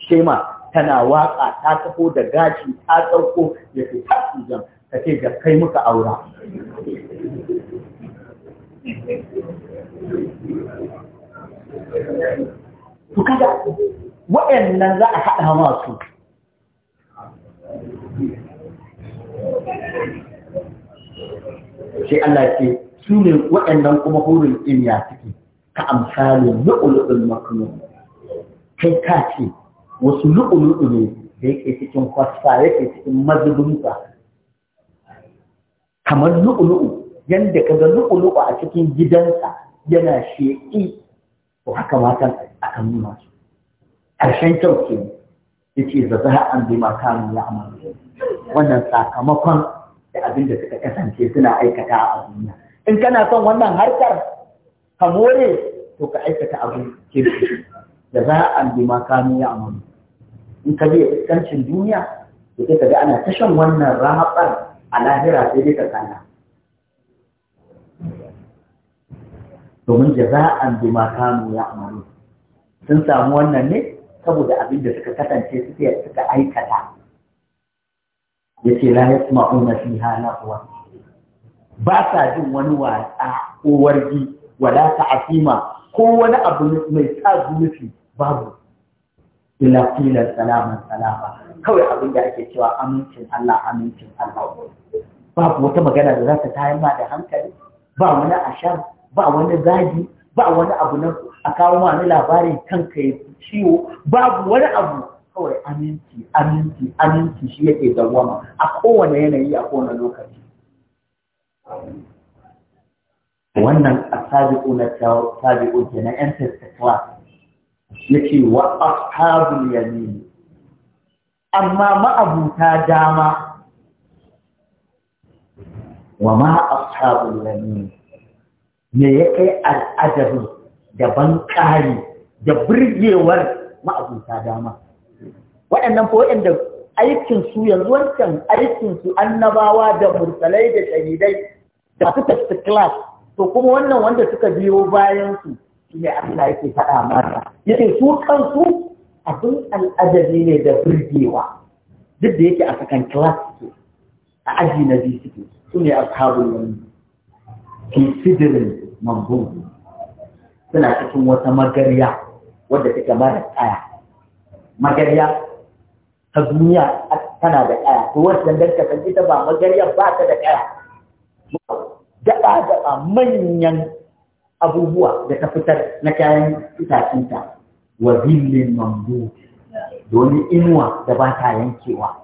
A: shema tana waka ta taho da gashi ta tsarko ya fi tafi jan ka ce ga kai muka aura Ku kada waɗannan za a haɗa masu sai Allah ce su ne waɗannan kuma hurin ɗin ya suke ka amsalin lu'ulu'ul makonu. kai ka ce wasu lu'ulu'u ne da yake cikin kwasa yake cikin mazubinsa kamar lu'ulu'u yadda ka ga lu'ulu'u a cikin gidansa yana sheƙi to haka matan kan nuna su ƙarshen kyau ke ce, da za an bi mata ya amince wannan sakamakon da abin da suka kasance suna aikata a duniya in kana son wannan harkar ka more to ka aikata abin kirki da za an bi mata ya amince in ka biya iskancin duniya da sai ka ga ana tashan wannan rahatsar a lahira sai dai ka kana domin jaza'an bi ma kanu ya amaru sun samu wannan ne saboda abin da suka kasance suke suka aikata Ya yace la shi hana kuwa ba sa jin wani wasa ko wargi wala Asima ko wani abu mai sa zuwa babu illa qila salama salama kawai abin da ake cewa amincin Allah amincin Allah babu wata magana da za ta tayar ma da hankali ba wani ashar ba wani zagi ba wani abu na a kawo ma wani labari kanka ya ciwo babu wani abu kawai aminci aminci aminci shi yake dawwama a kowane yanayi a kowane lokaci wannan asabiqu na tabi'u kenan yan tattawa yake wa ashabul yamin amma abuta dama wa ma ashabul yamin me ya kai al'adabi da bankari da burgewar abuta dama waɗannan fa waɗanda aikin su yanzu wancan aikin su annabawa da mursalai da shahidai da suka class to kuma wannan wanda suka biyo bayan su shi ne Allah yake faɗa mata yake su kansu abin al'adabi ne da birgewa. duk da yake a sakan class a aji na biyu suke su ne ashabul wani fi sidirin mambu suna cikin wata magarya wadda take mara tsaya magarya ta duniya tana da kaya to wannan dan kasance ta ba magarya ba ta da kaya gaba gaba manyan abubuwa da ta fitar na kayan itacinta wa zillin mamdu domin inuwa da ba ta yankewa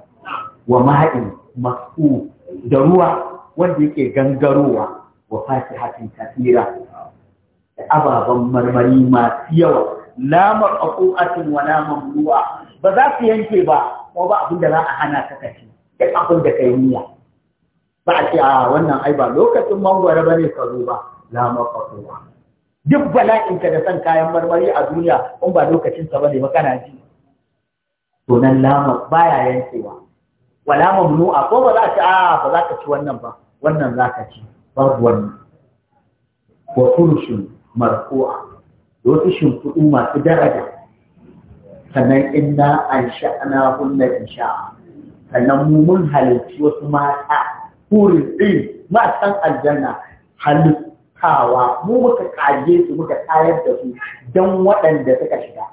A: wa ma'in masu da ruwa wanda yake gangarowa wa fatihatin kasira da ababen marmari masu yawa la maqaqu'atin wa la ruwa. ba za su yanke ba ko ba abin da za a hana ka kaci da abin da kai niyya ba a ce a wannan ai ba lokacin mangwara ne ka zo ba la maqtuwa duk bala'in ka da san kayan marmari a duniya in ba lokacin sa bane ba na ji to nan lama baya yankewa wala a ko ba za ka a ba za ka ci wannan ba wannan za ka ci babu wannan wa furushin marfu'a da wasu shimfiɗu masu daraja sannan inna an sha'ana hunna in sha'a sannan mu mun halarci wasu mata hurin ɗin matan aljanna halittu kawa mu muka kaje su muka kayar da su don waɗanda suka shiga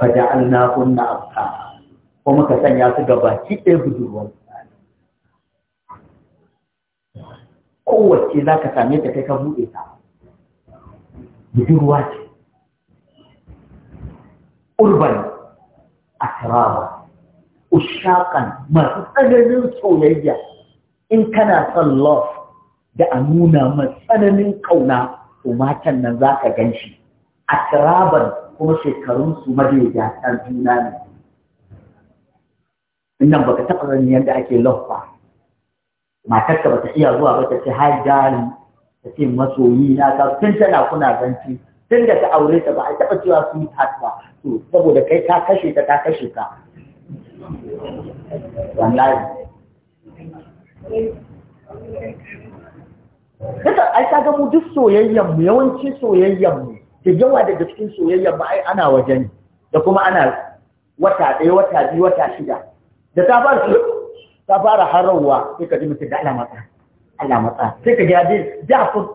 A: fa na kunna abka ko muka sanya su gaba ki ɗaya budurwar kowace za ka same ta kai ka buɗe ta budurwa ce urban asiraba ushakan masu tsananin soyayya in kana son love da a nuna ma tsananin ƙauna to matan nan za ka gan shi a tiraban kuma shekarunsu madaidaita juna ne innan baka taɓa yi yadda ake matarka ba ta bata iya zuwa ba ta ce hai darling ta ce masoyi na ka tun tana kuna zanci tun da ta aure ta ba a taɓa cewa su yi ba to saboda kai ka kashe ta ka kashe ka wallahi Duka ai ka ga mu duk soyayyen mu yawanci soyayyen mu da yawa daga cikin soyayyen mu ai ana waje ne da kuma ana wata ɗaya wata biyu wata shida da ta fara ta fara harawa sai ka ji mutum da Allah matsa Allah matsa sai ka ga da da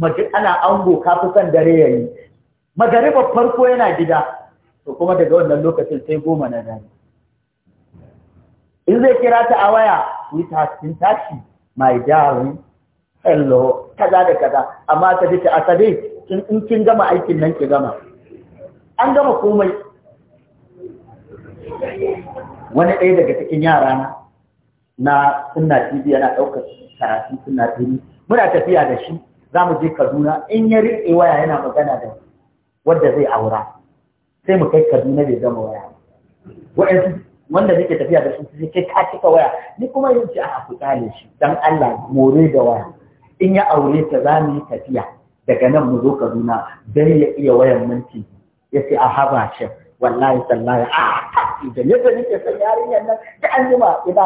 A: maji ana ango ka fi san dare yayi magariba farko yana gida to kuma daga wannan lokacin sai goma na dare in zai kira ta a waya we tashi tashi my darling hello kaza da kaza amma ta ji ta asabe in kin gama aikin nan ki gama an gama komai wani ɗaya daga cikin yara na na suna tv yana ɗaukar karatu suna tv muna tafiya da shi za mu je kaduna in ya riƙe waya yana magana da wadda zai aura sai mu kai kaduna bai gama waya wa'yansu wanda nake tafiya da su sai kai ka cika waya ni kuma yin ci a ku ne shi don Allah more da waya in ya aure ta za mu yi tafiya daga nan mu zo Kaduna dan ya iya wayan minti ya ce a haba shi wallahi sallahi a ah, da yadda nake san yarinyar nan da an jima ina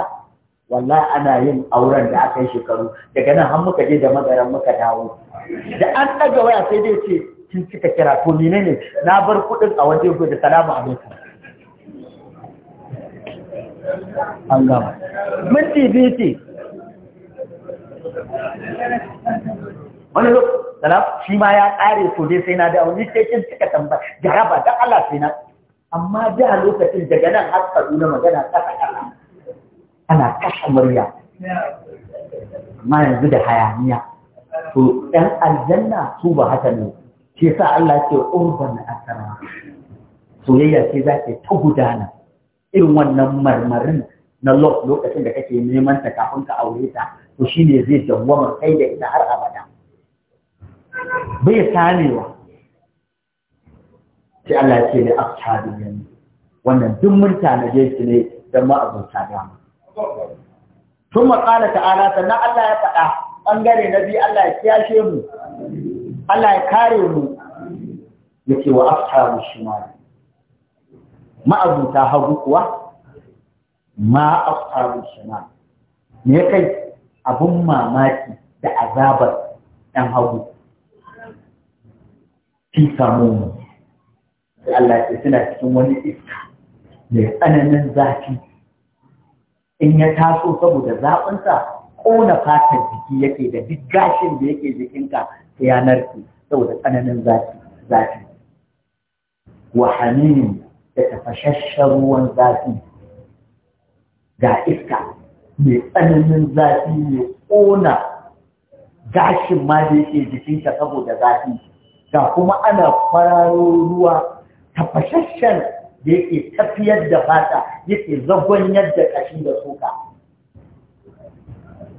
A: wallahi ana yin auren da aka yi shekaru daga nan har muka je da magaran muka dawo da an ɗaga waya sai dai ce kin cika kira to ne ne na bar kuɗin a waje da salamu alaikum an gama minti biyu ce wani zo salam shi ma ya ƙare to dai sai na da wani sai kin cika tambaya jaraba da Allah sai na amma da lokacin daga nan har ka na magana ta kasa ana kashe murya amma yanzu da hayaniya to ɗan aljanna su ba haka ne ke sa Allah ce urban asara soyayya ce za ta gudana irin wannan marmarin na lokacin da kake neman ta kafin ka aure ta to shi ne zai dawwama kai da ita har abada bai samewa sai Allah ce ne ashabin yanzu wannan duk mutane da shi ne dan ma abota dama sun maƙala ta'ala sannan Allah ya faɗa bangare na biyu Allah ya kiyashe mu Allah ya kare mu yake wa ashabu shimali ma'abuta hagu kuwa ma ashabu shimali me kai abun mamaki da azabar ɗan hagu fi samu sai Allah ya suna cikin wani iska mai tsananin zafi in ya taso saboda zaɓinsa ƙona fatar jiki yake da duk gashin da yake jikinka ta yanar ki saboda tsananin zafi zafi wa da tafashashen ruwan zafi ga iska mai tsananin zafi mai ƙona gashin ma da yake jikinta saboda zafi ga kuma ana fararo ruwa tafashashen da yake tafiyar da fata yake zagon yadda ƙashi da suka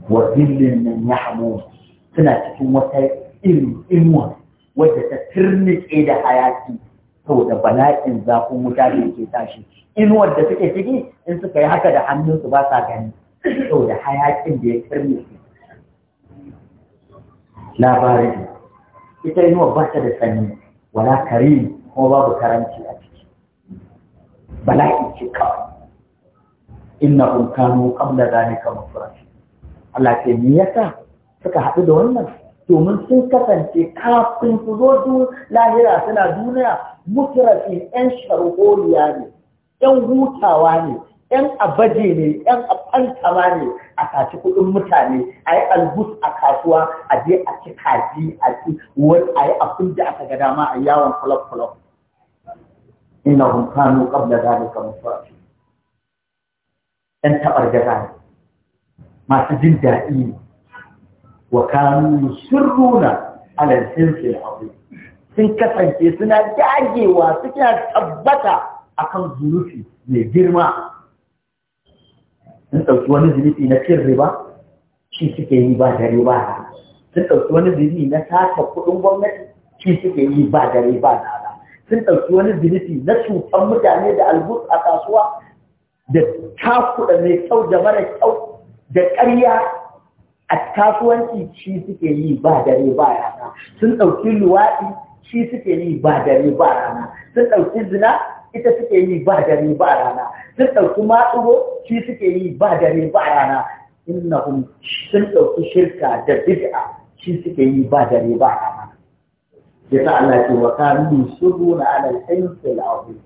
A: wa zillin nan ya hamo suna cikin wata irin inuwa wadda ta turnike da hayaki saboda bala'in zafin wuta da ke tashi inuwar da suke ciki in suka yi haka da hannunsu ba sa gani saboda hayakin da ya karni labarin ita yi ba ta da Sani wala kari kuma babu karanci a ciki in ce kawai innahum kamla zane kama mufrasin Allah ce ya yasa suka haɗu da wannan domin sun kasance kafin su zo lahira suna duniya mutrafi yan sharholiya ne yan hutawa ne 'yan abaje ne yan abantama ne a kaci kuɗin mutane a yi albus a kasuwa a je a ci kaji a ci wani a yi abin da aka ga dama a yawon kulak-kulak. ina hun kanu ƙabla zalika mutuwaci yan taɓar gaza ne masu jin daɗi ne wa kanu sirruna a sinfil abu sun kasance suna dagewa suna tabbata akan zurufi mai girma sun ɗauki wani zunubi na cin riba shi suke yi ba dare ba sun ɗauki wani zunubi na sata kuɗin gwamnati shi suke yi ba dare ba rana sun ɗauki wani zunubi na cutan mutane da albus a kasuwa da takuɗa mai kyau da mara kyau da ƙarya a kasuwanci shi suke yi ba dare ba rana sun ɗauki luwaɗi shi suke yi ba dare ba rana sun ɗauki zina ita suke yi ba dare ba rana sun ɗauki matsuro shi suke yi ba dare ba rana innahum sun ɗauki shirka da bid'a shi suke yi ba dare ba rana yasa Allah ce wa kanu yusiruna ala al-ilmi al-azim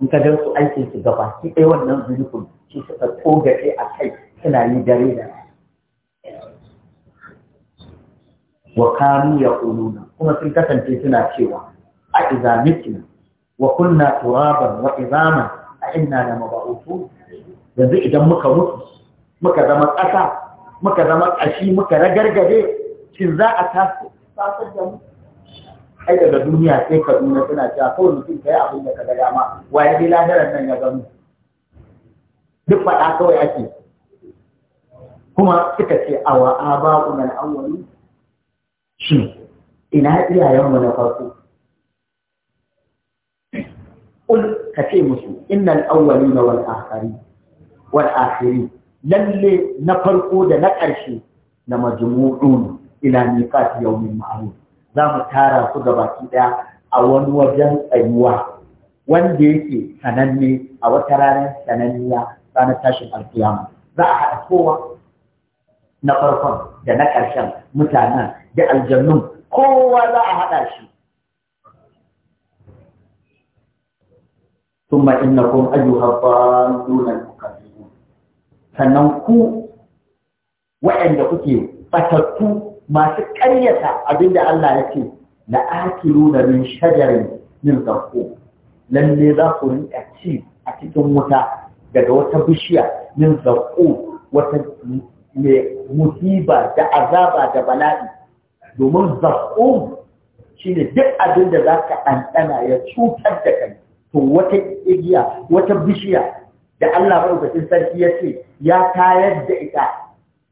A: in ka ga su aikin su gaba ki dai wannan zulufin shi suka togace a kai suna yi dare da wa kanu yaquluna kuma sun kasance suna cewa a idza mitna wa kunna turaban wa izama a inna lamab'utu yanzu idan muka mutu muka zama ƙasa muka zama ƙashi muka ragargade shin za a taso da mu ai daga duniya sai kaduna suna cewa kawai mutum kai abin da ka ga dama waye dai ladaran nan ya gano duk faɗa kawai ake kuma suka ce awa aba'una al-awwalin shin ina iyayen mu na farko Ul ka ce musu, ina al’awwali na wal’afari, wal’afari, lalle na farko da na ƙarshe na majmu'un ila ne kafi yau mai ma'aru, za mu tara su ga baki ɗaya a wani wajen tsayuwa wanda yake sananne a wata ranar sananniya ranar tashin alkiyama. Za a haɗa kowa na farkon da na ƙarshen mutanen da aljannun kowa za a haɗa shi. ثم إنكم أيها الضالون المكذبون sannan ku waɗanda kuke ɓatattu masu ƙaryata abinda Allah ya ce la akiluna min shajarin min zakkum lalle za ku rinka ci a cikin wuta daga wata bishiya min zakkum wata mai musiba da azaba da bala'i domin zakkum shine duk abinda za ka ɗanɗana ya cutar da kai to wata igiya wata bishiya da Allah maɗaukacin sarki ya ce ya tayar da ita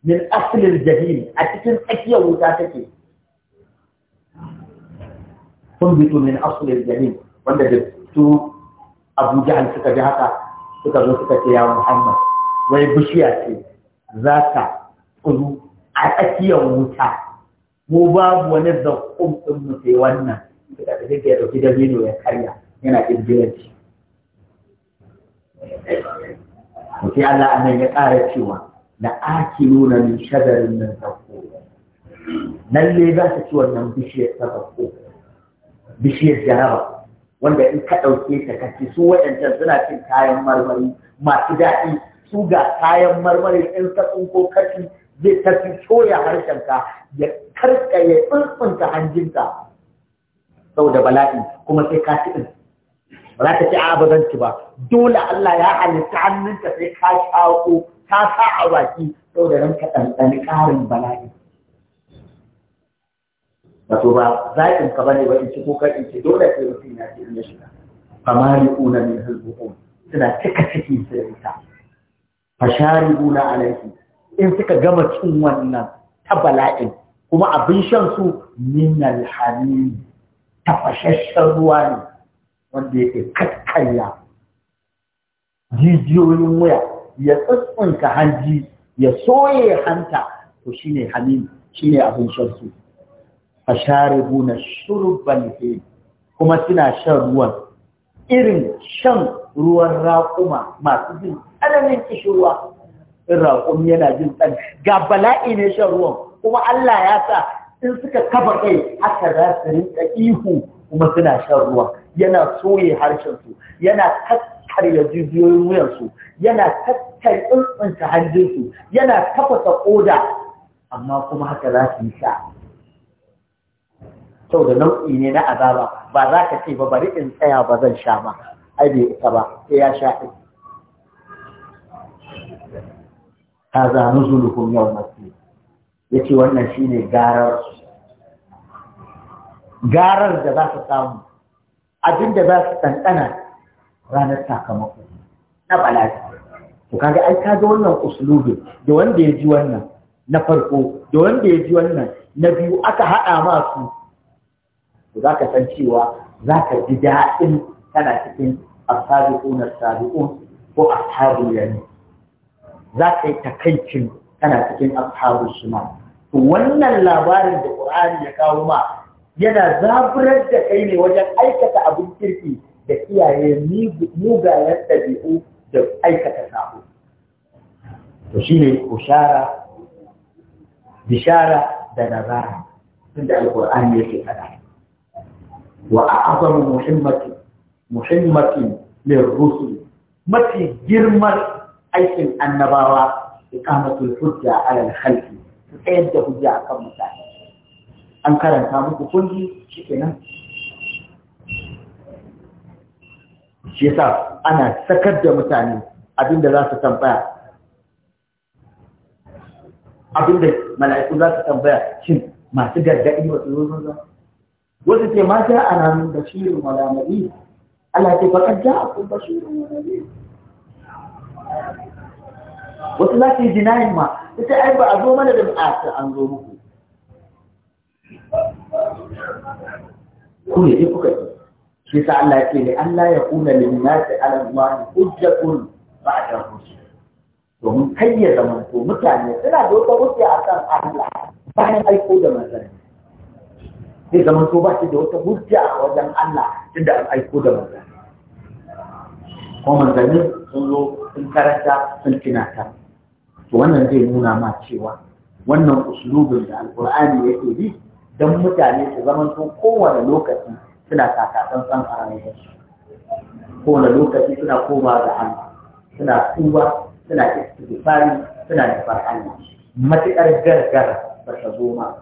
A: min asilin jahili a cikin tsakiyar wuta take sun bitu min asilin jahili wanda da su abu jahal suka ji haka suka zo suka ce ya muhammad wai bishiya ce za ta tsuru a tsakiyar wuta mu babu wani zakkum ɗin mu wannan suka tafi ya ɗauki dabino ya karya yana ƙirgiranci sai Allah nan ya ƙara cewa na ake nuna min shagarin nan nan lalle za ta ci wannan bishiyar ta bishiyar jaraba wanda in ka ɗauke ta kaci su waɗancan suna cin kayan marmari masu daɗi su ga kayan marmari in ka tsinko kaci zai tafi coya harshenka ya karka ya tsuntsunta hanjinka da bala'i kuma sai ka ci ba za ka a ba ci ba dole Allah ya halitta hannunka sai ka shaƙo ka sa a baki saboda ran ka ɗanɗani ƙarin bala'i wato ba zaƙin ka bane ba in ci ko in ci dole sai mutum ya ce in ya shiga
B: famari una min
A: hulbu'un suna cika ciki su da ita fashari una alaihi in suka gama cin wannan ta bala'in kuma abin shan su min alhamim Tafasasshen ruwa ne wanda yake kakkarya jijiyoyin wuya ya tsintsinka hanji ya soye hanta to shine shi shine abin shan su fasharibu na shurban hin kuma suna shan ruwan irin shan ruwan raƙuma masu jin tsananin kishirwa in raƙum yana jin tsan ga bala'i ne shan ruwan kuma Allah ya sa in suka kafa kai haka za su rinka ihu kuma suna shan ruwa yana soye harshensu yana ya jijiyoyin wuyansu yana tattar tsuntsunta hanjinsu yana tafasa ƙoda. amma kuma haka za su yi sha sau da nau'i ne na azaba ba za ka ce ba bari in tsaya ba zan sha ba ai bai isa ba sai ya sha ɗin ta zanu zulukun yau masu ya ce wannan shine garar garar da za ka samu abin da za su ɗanɗana ranar sakamako na bala'i to kaga ai ka ga wannan uslubi da wanda ya ji wannan na farko da wanda ya ji wannan na biyu aka haɗa masu to za ka san cewa za ka ji daɗin kana cikin na asabiqun ko ya yamin za ka yi takaicin kana cikin ashabul ma? to wannan labarin da ƙur'ani ya kawo ma yana zaburar da kai ne wajen aikata abin kirki da iyaye mugayen ɗabi'u da aikata sabo to shine kushara bishara da nazara tunda ya ke fada wa a'zamu muhimmati muhimmati lirrusul mafi girman aikin annabawa iqamatul hujja ala al-khalqi tsayar da hujja akan mutane an karanta muku ke nan. shi yasa ana sakar da mutane abinda za su tambaya abinda mala'iku za su tambaya shin masu gargaɗi wa tsoro zo ba wasu ce ma ja ana nan da shirin malamari Allah ke faƙar ja a kun shirin malamari wasu za su yi jinayin ma ita ai ba a zo mana da a an zo muku ku ne duk kuka ji shi sa Allah ya ne Allah ya kuna lin nasi ala Allah hujjatun ba'da hujja domin kai da mun to mutane suna da wata hujja akan Allah bayan aiko da manzanni zai zama to ba shi da wata hujja a wajen Allah tunda an aiko da manzanni ko manzanni sun zo sun karanta sun tunata to wannan zai nuna ma cewa wannan uslubin da alqur'ani yake bi don mutane su zamanto kowane lokaci suna kakasan san a su kowane lokaci suna koma ga Allah suna tuba suna istighfari suna da Allah matuƙar gargara ba ta zo ma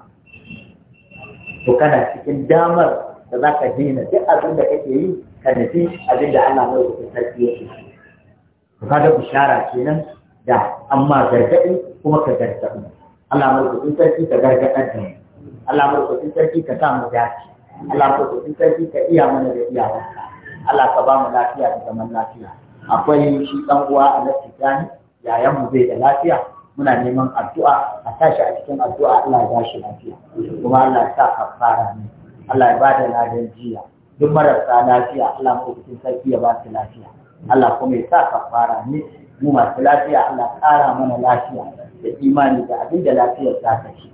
A: to kana cikin damar da za ka daina duk abin da kake yi ka nufi abin da Allah mai rukun sarki ya ce to kaga bishara kenan da amma gargaɗi kuma ka gargaɗi Allah mai rukun sarki ka gargaɗar da mu Allah sarki ka sa mu dace Allah sarki ka iya mana da iyawanka Allah ka bamu lafiya da zaman lafiya akwai shi dan uwa Alhaji Tani yayan mu bai da lafiya muna neman addu'a a tashi a cikin addu'a Allah ya bashi lafiya kuma Allah ya sa kafara ne Allah ya bada ladan jiya duk marasa lafiya Allah madaukakin sarki ya ba lafiya Allah kuma ya sa kafara ne mu masu lafiya Allah ƙara mana lafiya da imani da abin da lafiyar za ta ci